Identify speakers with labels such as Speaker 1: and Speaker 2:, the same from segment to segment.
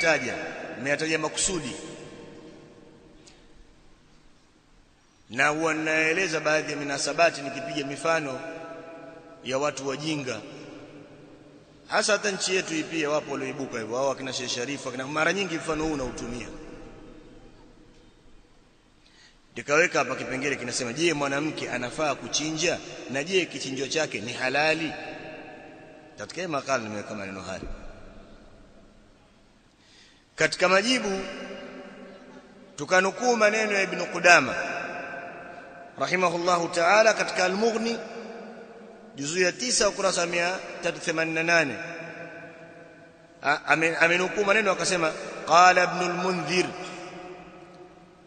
Speaker 1: kuyataja nimeyataja makusudi na huwa ninaeleza baadhi ya minasabati nikipiga mifano ya watu wajinga hasa hata nchi yetu hii pia wapo walioibuka hivyo hao akina Sheikh Sharif akina mara nyingi mfano huu unautumia nikaweka hapa kipengele kinasema je mwanamke anafaa kuchinja na je kichinjo chake ni halali katika makala nimeweka maneno haya katika majibu tukanukuu maneno ya ibn Qudama rahimahullahu ta'ala katika al-Mughni juzu ya 9 ukurasa 188 amenukuu maneno akasema qala ibn al-Mundhir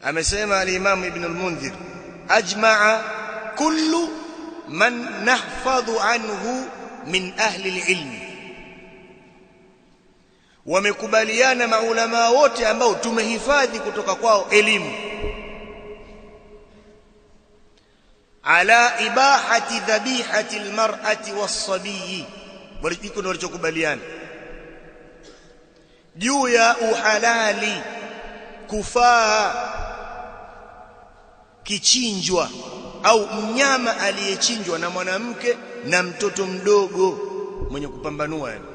Speaker 1: amesema al-Imam ibn al-Mundhir ajma'a kullu man nahfadhu anhu min ahli al-ilm wamekubaliana maulamaa wote ambao tumehifadhi kutoka kwao elimu ala ibahati dhabihati almar'ati was iko walijiko walichokubaliana juu ya uhalali kufaa kichinjwa au mnyama aliyechinjwa na mwanamke na mtoto mdogo mwenye kupambanua yani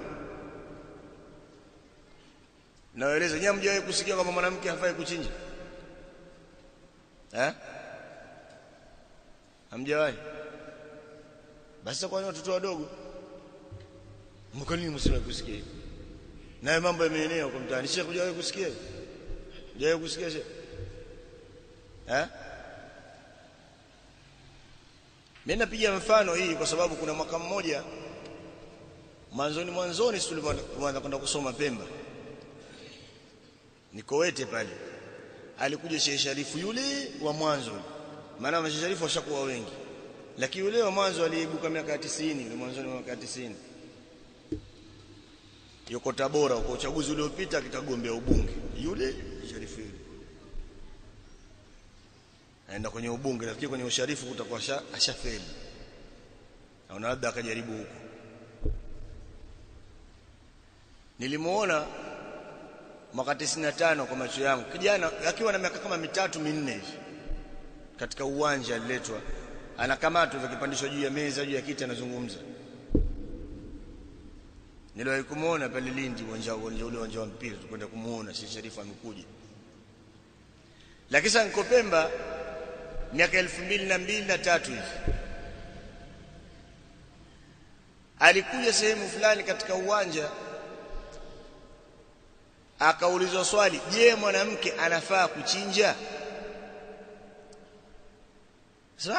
Speaker 1: naeleza nyinyi mjawahi kusikia kwamba mwanamke hafai kuchinja eh hamjawahi basi kwa nini watoto wadogo mkanini mseme kusikia nayo mambo yameenea huko mtaani sheikh hujawahi kusikia hujawahi kusikia shekhe eh mimi napiga mfano hii kwa sababu kuna mwaka mmoja mwanzoni mwanzoni tulipoanza kwenda kusoma Pemba nikowete pale alikuja Sheikh Sharifu yule wa mwanzo maana Sheikh Sharifu washakuwa wengi lakini yule wa mwanzo aliibuka miaka 90 yule mwanzo ni miaka 90 yuko Tabora kwa uchaguzi uliopita akitagombea ubunge yule Sharifu yule aenda kwenye ubunge lakini kwenye usharifu kutakuwa ashafeli na labda akajaribu huko nilimuona mwaka 95 kwa macho yangu, kijana akiwa na miaka kama mitatu minne hivi, katika uwanja aliletwa, anakamatwa, akipandishwa juu ya meza, juu ya kiti, anazungumza. Niliwahi kumuona pale Lindi, uwanja ule, uwanja wa mpira, tukwenda kumuona si Sharif amekuja. Lakini sasa niko Pemba miaka elfu mbili na mbili na tatu hivi, alikuja sehemu fulani katika uwanja akaulizwa swali je mwanamke anafaa kuchinja sio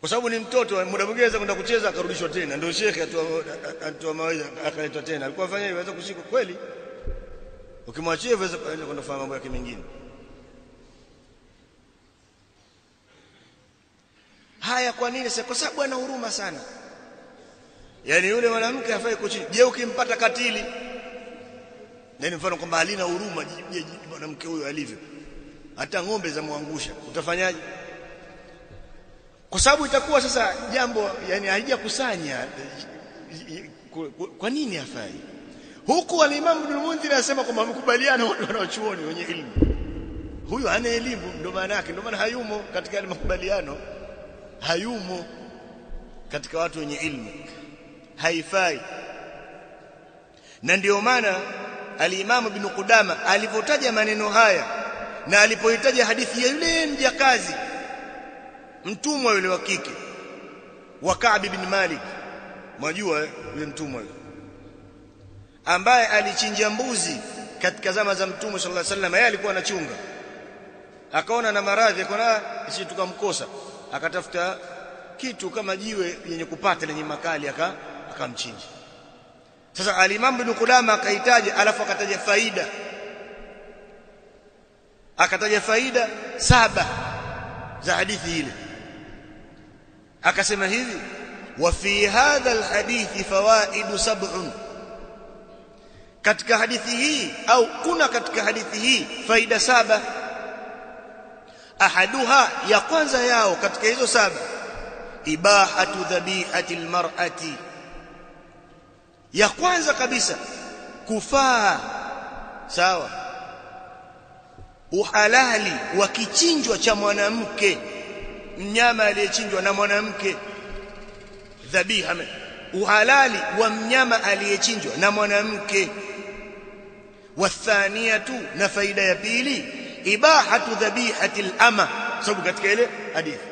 Speaker 1: kwa sababu ni mtoto muda mwingine anaweza kwenda kucheza akarudishwa tena ndio shekhe atoa mawaidha akaletwa tena alikuwa afanya hivyo anaweza kushika kweli ukimwachia hivyo anaweza kwenda kufanya mambo yake mengine haya kwa nini sasa kwa sababu ana huruma sana yani yule mwanamke afai kuchini je ukimpata katili yani mfano kwamba halina huruma je mwanamke huyo alivyo hata ng'ombe za utafanyaje kwa sababu itakuwa sasa jambo yani haijakusanya kwa nini hafai huku Alimamu Ibn Mundhir anasema kwamba wamekubaliana wanaochuoni wenye ilmu huyu hana elimu ndio maana yake ndio maana hayumo katika makubaliano hayumo katika watu wenye ilmu haifai na ndiyo maana alimamu ibn Qudama alipotaja maneno haya na alipohitaja hadithi ya yule mjakazi mtumwa yule wa kike wa Ka'b ibn Malik mwajua yule mtumwa yule ambaye alichinja mbuzi katika zama za mtume sallallahu alaihi wasallam yeye alikuwa anachunga akaona na maradhi akaona ah, sisi tukamkosa akatafuta kitu kama jiwe yenye kupata lenye makali aka hapa nchini sasa alimamu ibn Qudama akahitaji alafu akataja faida akataja faida saba za hadithi ile akasema hivi wa fi hadha الحديث fawaid sab'un katika hadithi hii au kuna katika hadithi hii faida saba ahaduha ya kwanza yao katika hizo saba ibahatu dhabihati almar'ati ya kwanza kabisa kufaa sawa uhalali wa kichinjwa cha mwanamke mnyama aliyechinjwa na mwanamke dhabiha uhalali wa mnyama aliyechinjwa na mwanamke wathania tu na faida ya pili ibahatu dhabihati lama sababu katika ile hadithi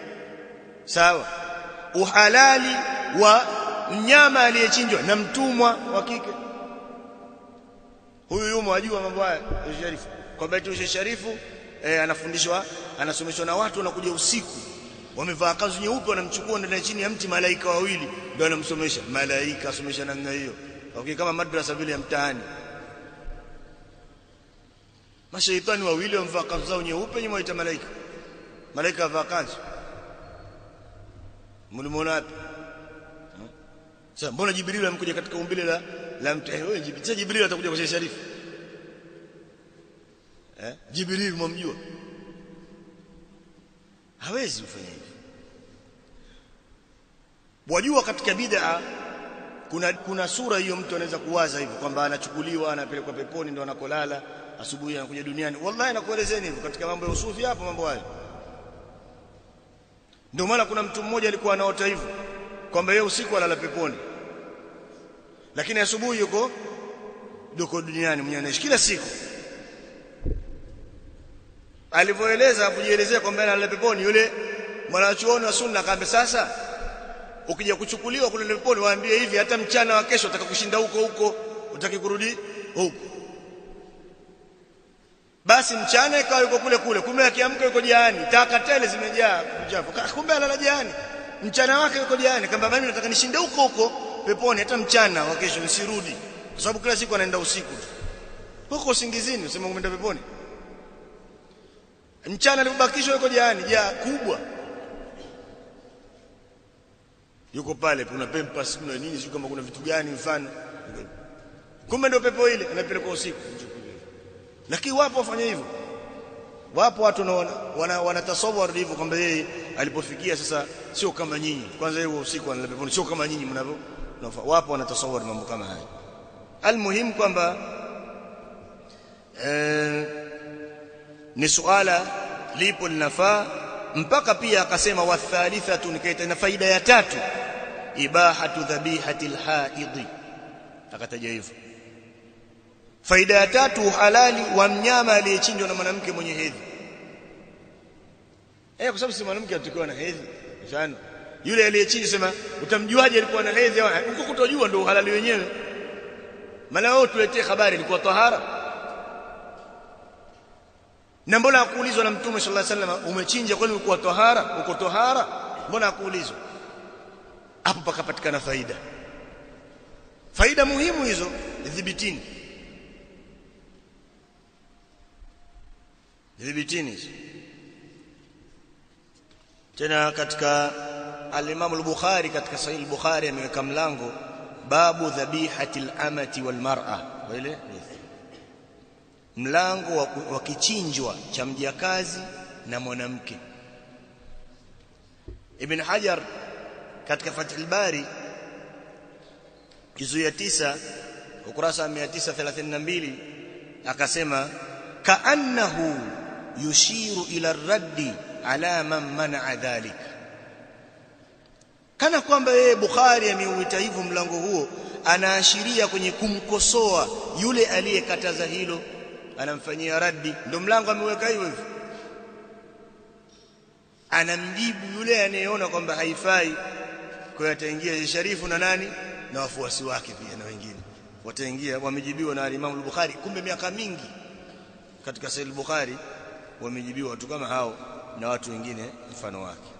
Speaker 1: sawa uhalali wa mnyama aliyechinjwa na mtumwa wa kike huyu yumo wajua mambo haya sharifu kwa Baitul Sharifu eh, anafundishwa anasomeshwa na watu wanakuja usiku wamevaa kanzu nyeupe wanamchukua ndani chini ya mti malaika wawili ndio anamsomesha malaika asomesha namna hiyo okay, kama madrasa vile ya mtaani mashaitani wawili wamevaa kanzu zao nyeupe nyuma waita malaika malaika avaa kanzu mlimwona wapi sasa mbona jibril amkuja katika umbile la la mtu eh, wewe jibril jibril atakuja kwa sharif eh jibril mwamjua hawezi kufanya hivyo wajua katika bid'a kuna kuna sura hiyo mtu anaweza kuwaza hivyo kwamba anachukuliwa anapelekwa peponi ndo anakolala asubuhi anakuja duniani wallahi nakuelezeni hivyo katika mambo ya usufi hapo mambo hayo ndio maana kuna mtu mmoja alikuwa anaota hivyo kwamba yeye usiku alala peponi, lakini asubuhi yuko yuko duniani mwenyewe, anaishi kila siku. Alivyoeleza kujielezea kwamba analala peponi, yule mwanachuoni wa Sunna akaambia, sasa ukija kuchukuliwa kule peponi, waambie hivi, hata mchana wa kesho utakakushinda huko huko, utaki kurudi huko. Basi mchana ikawa yuko kule kule, kumbe akiamka yuko jehani, taka tele zimejaa uchafu, kumbe alala jehani mchana wake yuko jana kamba mimi nataka nishinde huko huko peponi, hata mchana wa kesho nisirudi, kwa sababu kila siku anaenda usiku huko usingizini, usema umeenda peponi. Mchana alibakishwa yuko jana ya kubwa, yuko pale, kuna pempas, na nini, sio kama kuna vitu gani, mfano kumbe ndio pepo ile anapelekwa usiku. Lakini wapo wafanya hivyo, wapo watu wanatasawar hivyo kwamba yeye alipofikia sasa sio kama nyinyi kwanza yeye usiku analala peponi sio kama nyinyi mnavyo wapo wanatasawari mambo kama haya almuhimu kwamba e, ni suala lipo linafaa mpaka pia akasema wathalithatun nikaita na faida ya tatu ibahatu dhabihati lhaidi akataja hivyo faida ya tatu uhalali wa mnyama aliyechinjwa na mwanamke mwenye hedhi eh, kwa sababu si mwanamke atakuwa na hedhi. Mfano yule aliye chini, sema utamjuaje alikuwa na hedhi au huko? Kutojua ndio uhalali wenyewe. Maana wewe tuletee habari ilikuwa tahara, na mbona akuulizwa na Mtume sallallahu alaihi wasallam, umechinja kwani ulikuwa tahara? Uko tahara, mbona akuulizwa Hapo pakapatikana faida, faida muhimu hizo, dhibitini dhibitini hizo tena katika al-Imam al-Bukhari katika Sahih al-Bukhari ameweka mlango babu dhabihati al-amati wal mar'a wale mlango wa kichinjwa cha mjakazi na mwanamke Ibn Hajar katika al Bari juzu ya 9 ukurasa 932 akasema kaannahu yushiru ila raddi ala man manaa dhalik kana kwamba yeye Bukhari ameuita hivyo mlango huo anaashiria kwenye kumkosoa yule aliyekataza hilo anamfanyia raddi ndio mlango ameweka hivyo hivyo anamjibu yule anayeona kwamba haifai kwa ataingia sharifu na nani na wafuasi wake pia na wengine wataingia wamejibiwa na alimamu al-Bukhari kumbe miaka mingi katika Sahih al-Bukhari wamejibiwa watu kama hao na watu wengine mfano wake